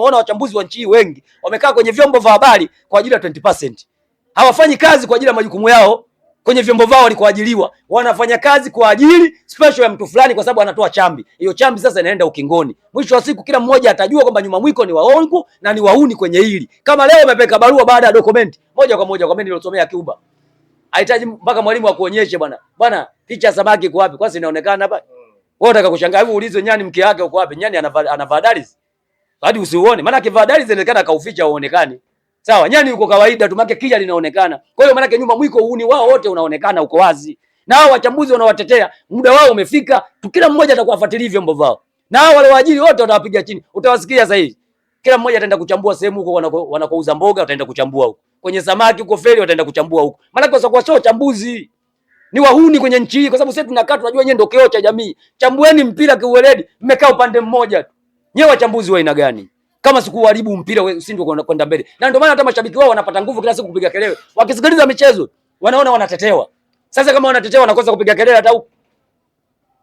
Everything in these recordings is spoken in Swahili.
tumeona wachambuzi wa nchi hii wengi wamekaa kwenye vyombo vya habari kwa ajili ya 20%. Hawafanyi kazi kwa ajili ya majukumu yao kwenye vyombo vyao walikoajiliwa, wanafanya kazi kwa ajili special ya mtu fulani, kwa sababu anatoa chambi. Hiyo chambi sasa inaenda ukingoni. Mwisho wa siku, kila mmoja atajua kwamba nyuma mwiko ni waongo na ni wauni kwenye hili. Kama leo umepeka barua baada ya dokumenti moja kwa moja, kwa mimi nilosomea Cuba, hahitaji mpaka mwalimu akuonyeshe, bwana bwana, picha ya samaki iko wapi? Kwanza inaonekana hapa. Wewe unataka kushangaa hivi, uulize nyani mke wake uko wapi? Nyani anavadaris hadi usiuone, maana kivaa dari zinaonekana kauficha uonekani. Sawa, nyani uko kawaida tu, maana kija linaonekana. Kwa hiyo maana nyuma mwiko uuni wao wote unaonekana uko wazi, na hao wachambuzi wanawatetea, muda wao umefika kila mmoja atakuwafuatilia afuatilia vyombo vyao, na hao wale waajiri wote watawapiga chini. Utawasikia sasa hivi, kila mmoja ataenda kuchambua sehemu huko wanakouza mboga, wataenda kuchambua huko kwenye samaki huko feri, wataenda kuchambua huko, maana kwa sababu sio uchambuzi ni wahuni kwenye nchi hii, kwa sababu sisi tunakaa tunajua, nyenye ndio kioo cha jamii. Chambueni mpira kiuweledi, mmekaa upande mmoja tu. Nyewe wachambuzi wa aina gani? Kama sikuharibu mpira usindo kwenda kwenda mbele. Na ndio maana hata mashabiki wao wanapata nguvu kila siku kupiga kelele. Wakisikiliza michezo, wanaona wanatetewa. Sasa kama wanatetewa wanakosa kupiga kelele hata huko.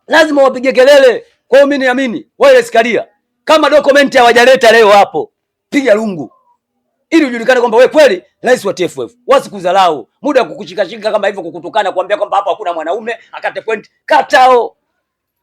Lazima wapige kelele. Kwa hiyo mimi niamini, wale sikalia. Kama dokumenti hawajaleta leo hapo, piga lungu. Ili ujulikane kwamba wewe kweli rais wa TFF. Wasikudharau. Muda kukushikashika kama hivyo kukutukana kuambia kwamba hapa hakuna mwanaume, akate point. Katao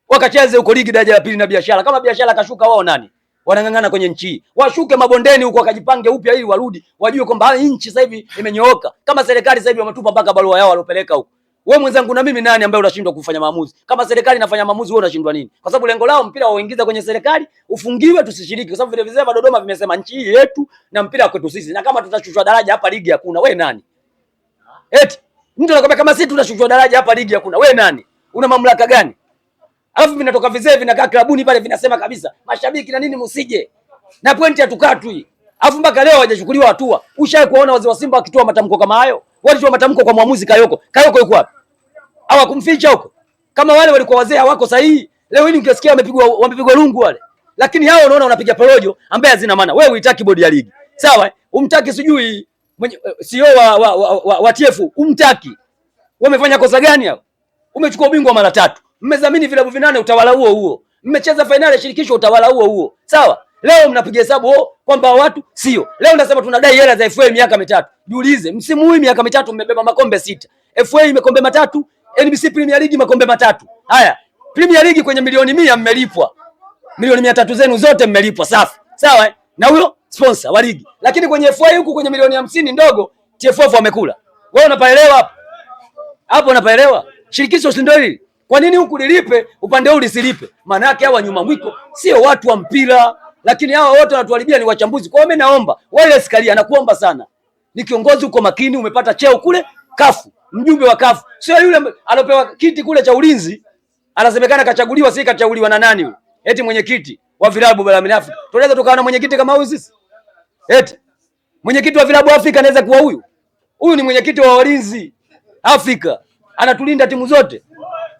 wakacheze huko ligi daraja la pili na biashara. Kama biashara kashuka, wao nani wanang'ang'ana kwenye nchi hii? Washuke mabondeni huko wakajipange upya, ili warudi wajue kwamba nchi sasa hivi imenyooka. Kama serikali sasa hivi wametupa mpaka barua yao waliopeleka huko, wewe mwenzangu na mimi nani ambaye unashindwa kufanya maamuzi? Kama serikali inafanya maamuzi, wewe unashindwa nini? Kwa sababu lengo lao mpira wauingiza kwenye serikali, ufungiwe, tusishiriki, kwa sababu vile vizee Dodoma vimesema nchi hii yetu na mpira kwetu sisi, na kama tutashushwa daraja hapa ligi hakuna. Wewe nani? Eti mtu anakwambia kama sisi tunashushwa daraja hapa ligi hakuna. Wewe nani? Una mamlaka gani? alafu vinatoka vizee vinakaa klabuni pale vinasema kabisa mashabiki na nini msije na pointi ya tukatwi, alafu mpaka leo hawajachukuliwa hatua. Ushawahi kuona wazee wa Simba wakitoa matamko kama hayo? Walitoa matamko kwa mwamuzi Kayoko. Kayoko yuko wapi? Hawakumficha huko. Kama wale walikuwa wazee hawako sahihi, leo hii ungesikia wamepigwa wamepigwa lungu wale, lakini hao unaona wanapiga porojo ambaye hazina maana. Wewe uitaki bodi ya ligi sawa, eh? umtaki sijui mwenye eh, CEO wa wa, wa, wa, wa TFF umtaki. Wamefanya kosa gani hao? Umechukua ubingwa mara tatu mmedhamini vilabu vinane, utawala huo huo, mmecheza fainali ya shirikisho, utawala huo huo, sawa. Leo mnapiga hesabu oh, kwamba watu sio leo, nasema tunadai hela za FA miaka mitatu. Jiulize, msimu huu miaka mitatu mmebeba makombe sita, FA imekombe matatu, NBC Premier League makombe matatu. Haya, Premier League kwenye milioni mia mmelipwa milioni mia tatu zenu zote mmelipwa, safi sawa, eh? na huyo sponsor wa ligi, lakini kwenye FA huku kwenye milioni hamsini ndogo TFF wamekula. Wewe unapaelewa hapo hapo, unapaelewa shirikisho si ndio hili? Kwa nini huku lilipe upande huu lisilipe? Maana yake hawa nyuma mwiko sio watu wa mpira, lakini hawa wote wanatuharibia ni wachambuzi. Kwa hiyo mimi naomba wale sikalia, nakuomba sana, ni kiongozi uko makini, umepata cheo kule kafu, mjumbe wa kafu, sio yule alopewa kiti kule cha ulinzi, anasemekana kachaguliwa. Si kachaguliwa na nani huyo? Eti mwenyekiti wa vilabu barani Afrika. Tunaweza tukawa na mwenyekiti kama huyu sisi? Eti mwenyekiti wa vilabu Afrika anaweza kuwa huyu? Huyu ni mwenyekiti wa walinzi Afrika, anatulinda timu zote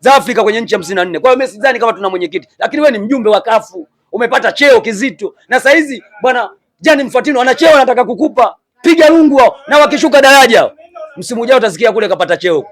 za Afrika kwenye nchi hamsini na nne. Kwa hiyo mimi sidhani kama tuna mwenyekiti, lakini wewe ni mjumbe wa kafu, umepata cheo kizito, na sasa hizi bwana Gianni Infantino ana cheo anataka kukupa, piga rungu hao, na wakishuka daraja msimu ujao utasikia kule kapata cheo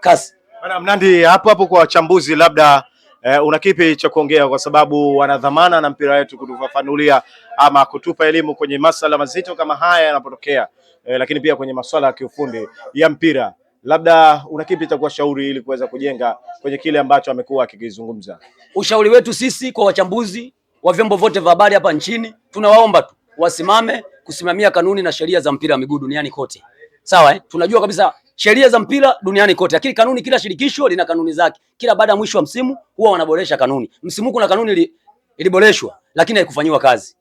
kasi. Bwana Mnandi, hapo hapo kwa wachambuzi, labda eh, una kipi cha kuongea, kwa sababu wanadhamana na mpira wetu kutufafanulia ama kutupa elimu kwenye masala mazito kama haya yanapotokea, eh, lakini pia kwenye maswala ya kiufundi ya mpira labda una kipi cha kuwashauri ili kuweza kujenga kwenye kile ambacho amekuwa akikizungumza? Ushauri wetu sisi kwa wachambuzi wa vyombo vyote vya habari hapa nchini, tunawaomba tu wasimame kusimamia kanuni na sheria za mpira wa miguu duniani kote, sawa eh? Tunajua kabisa sheria za mpira duniani kote, lakini kanuni, kila shirikisho lina kanuni zake. Kila baada ya mwisho wa msimu huwa wanaboresha kanuni. Msimu kuna kanuni li, iliboreshwa lakini haikufanyiwa kazi.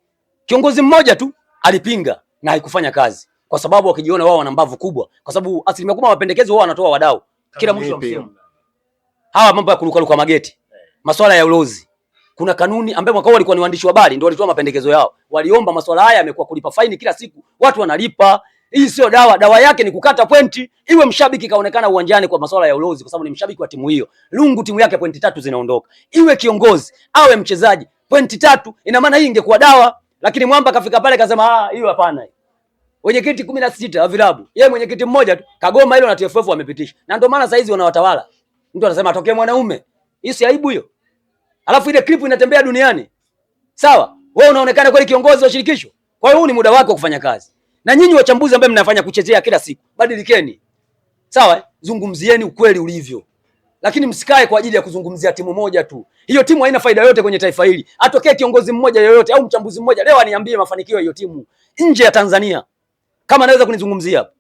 Kiongozi mmoja tu alipinga na haikufanya kazi kwa sababu wakijiona wao wana mbavu kubwa, kwa sababu asilimia kubwa mapendekezo wao wanatoa wadau kila mwisho wa msimu. Hawa mambo ya kuruka ruka mageti, eh. masuala ya ulozi, kuna kanuni ambayo mwaka walikuwa ni waandishi wa habari ndio walitoa mapendekezo yao, waliomba masuala haya. Yamekuwa kulipa faini kila siku, watu wanalipa. Hii sio dawa, dawa yake ni kukata pointi, iwe mshabiki kaonekana uwanjani kwa masuala ya ulozi, kwa sababu ni mshabiki wa timu hiyo. Lungu timu yake pointi tatu zinaondoka, iwe kiongozi awe mchezaji, pointi tatu. Ina maana hii ingekuwa dawa, lakini mwamba kafika pale kasema, ah, hiyo hapana hii wenyekiti kumi na sita wa vilabu, yeye mwenyekiti mmoja tu kagoma hilo na TFF wamepitisha, na ndio maana saizi wanawatawala. Mtu anasema atokee mwanaume, hii si aibu hiyo? Alafu ile clip inatembea duniani, sawa? Wewe unaonekana kweli kiongozi wa shirikisho? Kwa hiyo huu ni muda wako wa kufanya kazi, na nyinyi wachambuzi ambao mnafanya kuchezea kila siku, badilikeni, sawa? Eh? Zungumzieni ukweli ulivyo, lakini msikae kwa ajili ya kuzungumzia timu moja tu. Hiyo timu haina faida yoyote kwenye taifa hili. Atokee kiongozi mmoja yoyote au mchambuzi mmoja leo aniambie mafanikio ya hiyo timu nje ya Tanzania kama anaweza kunizungumzia hapa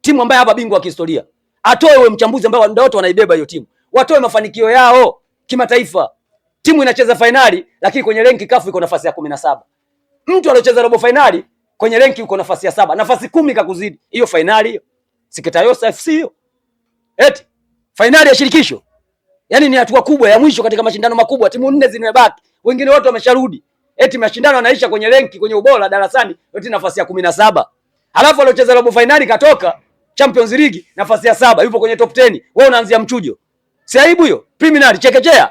timu ambayo hapa bingwa wa kihistoria, atoe wewe mchambuzi ambaye ndio watu wanaibeba hiyo timu, watoe mafanikio yao kimataifa. Timu inacheza fainali, lakini kwenye renki kafu iko nafasi ya kumi na saba. Mtu aliocheza robo fainali kwenye renki uko nafasi ya saba, nafasi kumi kakuzidi. Hiyo fainali hiyo Sikitayosa FC hiyo, eti fainali ya shirikisho, yani ni hatua kubwa ya mwisho katika mashindano makubwa. Timu nne zimebaki, wengine wote wamesharudi, eti mashindano yanaisha kwenye renki, kwenye ubora darasani, eti nafasi ya kumi na saba alafu aliocheza robo finali katoka Champions League nafasi ya saba, yupo kwenye top 10. Wewe unaanzia mchujo, si aibu hiyo? Preliminary chekechea,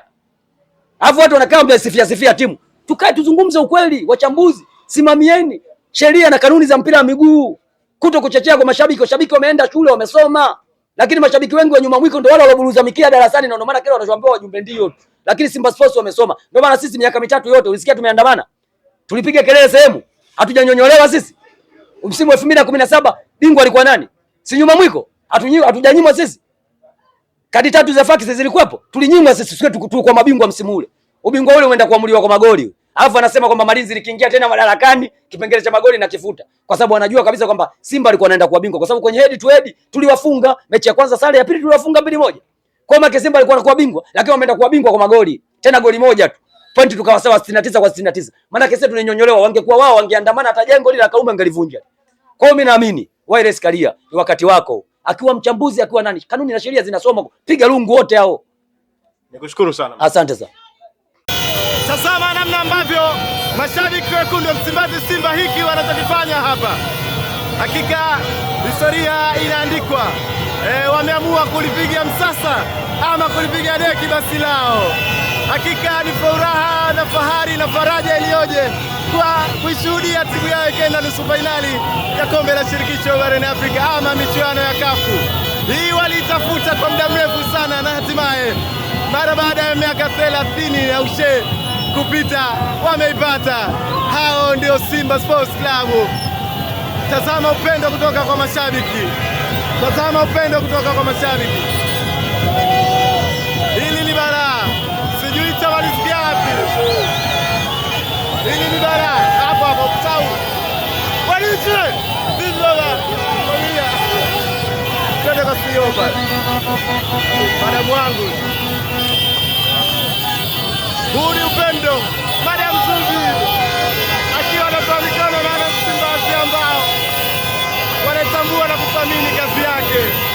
alafu watu wanakaa mbele sifia sifia timu. Tukae tuzungumze ukweli, wachambuzi, simamieni sheria na kanuni za mpira wa miguu, kuto kuchechea kwa mashabiki. Washabiki wameenda shule, wamesoma, lakini mashabiki wengi wa nyuma mwiko ndio wale walioburuza mikia darasani, na ndio maana kile wanachoambia wajumbe ndio lakini Simba Sports wamesoma. Ndio maana sisi miaka mitatu yote ulisikia tumeandamana, tulipiga kelele sehemu, hatujanyonyolewa sisi msimu wa elfu mbili na kumi na saba bingwa alikuwa nani? Si nyuma mwiko? Hatujanyimwa sisi kadi tatu za faksi zilikuwepo, tulinyimwa sisi, sio tulikuwa mabingwa msimu ule. Ubingwa ule umeenda kuamuliwa kwa magoli, alafu anasema kwamba Malinzi likiingia tena madarakani kipengele cha magoli na kifuta, kwa sababu anajua kabisa kwamba Simba alikuwa anaenda kuwa bingwa, kwa sababu kwenye head to head tuliwafunga mechi ya kwanza sare, ya pili tuliwafunga mbili moja. Kwa maana Simba alikuwa anakuwa bingwa, lakini wameenda kuwa bingwa kwa magoli, tena goli moja tu, pointi tukawa sawa 69 kwa 69. Maana kesi tunenyonyolewa wangekuwa wao wangeandamana, hata jengo lile la Karume angelivunja. Kwa hiyo mimi naamini Wallace Karia ni wakati wako, akiwa mchambuzi, akiwa nani, kanuni na sheria zinasoma, piga lungu wote hao. Nikushukuru sana, asante sana. Tazama namna ambavyo mashabiki wekundu wa Msimbazi, Simba hiki wanachokifanya hapa, hakika historia inaandikwa. E, wameamua kulipiga msasa ama kulipiga deki basi lao. Hakika ni furaha na fahari na faraja iliyoje kwa kuishuhudia timu yao ikaenda nusu fainali ya kombe la shirikisho barani Afrika ama michuano ya Kafu. Hii waliitafuta kwa muda mrefu sana, na hatimaye mara baada ya miaka thelathini na ushe kupita wameipata. Hao ndio Simba Sports Club. Tazama upendo kutoka kwa mashabiki, tazama upendo kutoka kwa mashabiki. Hili ni dola hapo hapo Sau. Polisi! Ni dola. Twende Madam wangu. Huu ni upendo. Madam Zubi. Akiwa anafahamikana na wana Simba ambao wanatambua na kuthamini kazi yake.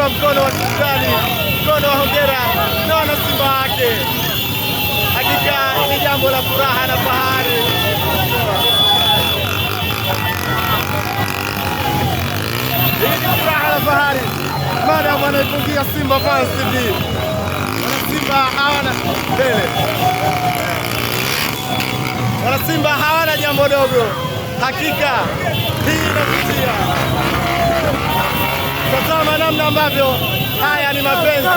kuunga mkono wa shukrani, mkono wa hongera na wanasimba wake. Hakika ni jambo la furaha na fahari. furaha na fahari madamu anaipungia Simba Fans TV, wanasimba hawana mbele, wanasimba hawana jambo dogo. Hakika hii inavutia. Tazama namna ambavyo haya ni mapenzi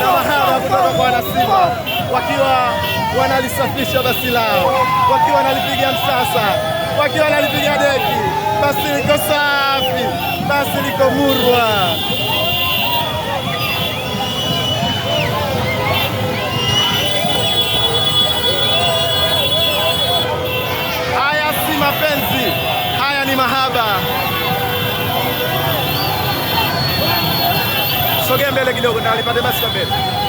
na mahaba kutoka kwa wanasimba, wakiwa wanalisafisha basi lao, wakiwa wanalipiga msasa, wakiwa wanalipiga deki. Basi liko safi, basi liko murwa. sogea mbele kidogo, nalipate basi kwa mbele.